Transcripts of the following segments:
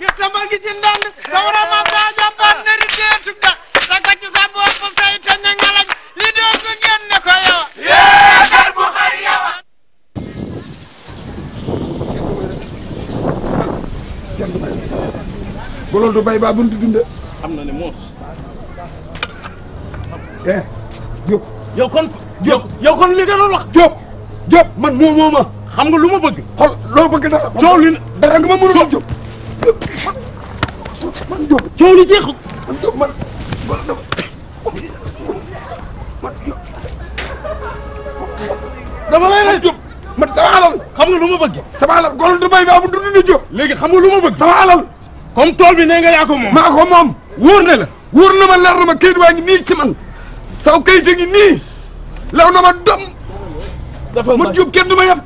yettamaki ci ndand sawrama sadia partneri teetugga saka ci sa bopp say taña ngalañ li doo ko génne ko yow yeesal bu xar yow bu loolu du bay ba buntu dunde xam na ne moos eh Diop yow kon Diop yow kon li nga doon wax Diop Diop man moo mooma xam nga lu ma bëgg xol loo bëgg dara coow li dara nga ma mënul Diop man Diop coow li jeexul man Diop man wala dama man Diop dama lay rey Diop man sama alal xam nga lu ma bëgg sama alal gol du bay ba bu dundu Diop léegi xam nga lu ma bëgg sama alal comme tool bi nee nga yaa ko moom maa ko moom wóor na la wóor na ma leer na ma kayit waa ngi nii ci man saw kayit a ngi nii lew na ma dom man Diop kenn du ma yab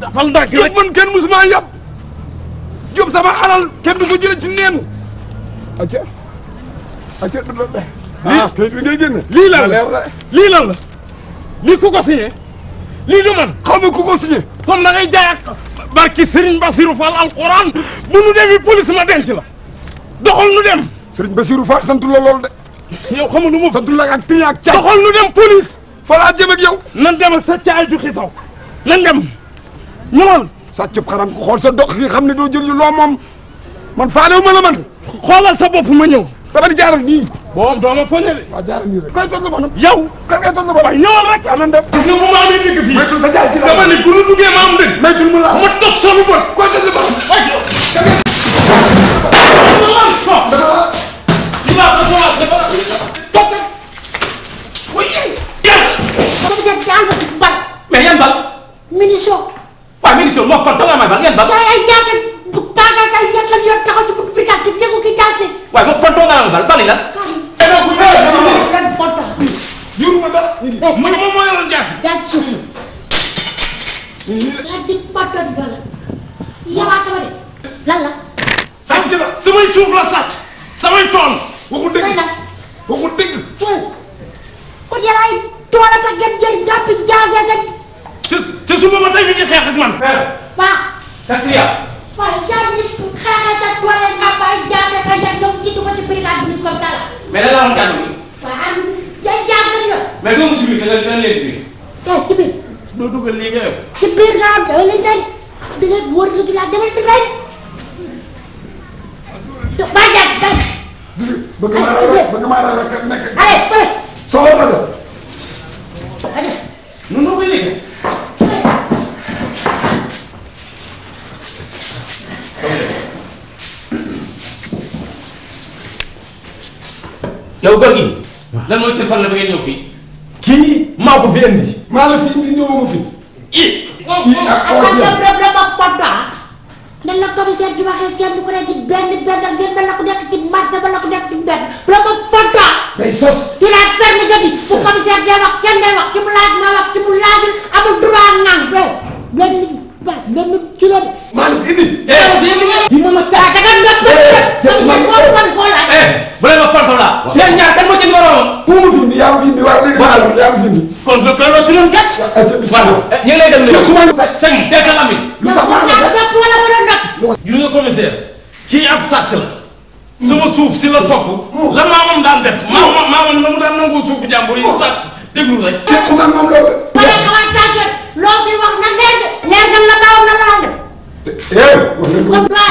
dafal ndànk Diop man kenn musuma yab Diop sama alal kenn du ko jëlee ci neenu. acca acca ah kayit bi ngay génne. lii lan la ah, lii lan la lii ku ko signé lii xaw ma kon da ngay jaay ak barki Serigne Bassirou Fall alquran bu nu demee police ma denc la doxal nu dem. Serigne Bassirou Fall sant la de. yow xam nu ma. sant la ak tiña ak caay nu dem police. fa laa jëm yow. nan dem ak sa caay nan dem ñëwal. sàccub xaram ko xool sa dox yi xam ne doo jël ñu man faalewu ma xoolal sa bopp ma ñëw dama di jaaral nii boobu doo ma poñe de waaw jaaral nii rek kay toog la bonam yow kay kay toog la bonam ñëwal rek anan def gis nga bu ma amee dëgg fii maytul sa jaay si dama ne bu nu duggee ma am dëgg maytul mu la ma toog lan la. sàcc la samay suuf la sàcc samay tool. waxu dëgg doy na waxu dëgg. ku jël ay tool ak ngeen jël jàppi jaase rek. te te suba ba tey mi ngi xeex ak man. waaw. Tasliya. waaye jaay nit ku xeexal sa tool yi nga bàyyi jaase ka yàgg yow jiitu ko ci brigade bi comme ça la. mais lan la am kàddu gi. waaw am jaay jaase nga. mais doo mu ci biir da nga da nga leen ci biir. tey ci biir. doo dugal lii nga yow. ci biir nga am da nga leen rey. di nga wóor la demal ci rey. ba jàpp dal. gis nga bëgg maa raara bëgg maa raara kat nekk. allez fële. soxla ma def. allez. noonu la koy liggéey. yow góor gi. lan mooy seen problème ba ngeen ñëw fii. kii maa ko fi indi. maa la fi indi ñëwuma fi. i i ak mel na commissaire di waxee kenn ku ne di benn benn ak ngeen mel na ku nekk ci marché ba la ku nekk ci benn loolu moom fonta day sos ci la fermeté bi bu commissaire day wax kenn day wax ci mu laaj ma wax ci mu laajul amul droit naan be len ni ba len ni ci loolu maanaam indi di mën a taa ah, daga nga eh, commissaire boo fan koo laaj eh, bu leen ma fonto la seen ñaar kan moo ci numéro bu mu findi yaa findi waaye léegi yaa findi kon do eh, ko lo ci doon gàtt ñu ngi lay dem ko. gis nga commissaire kii ab sàcc la. sama suuf si la topp. la maamam daan def. maamam maamam la mu daan nangu suufu jàmbur yi sàcc déglu rek. képp ku maam loolu. wala xamal tànket loo fi wax na leer de. leer dem na baaw la def.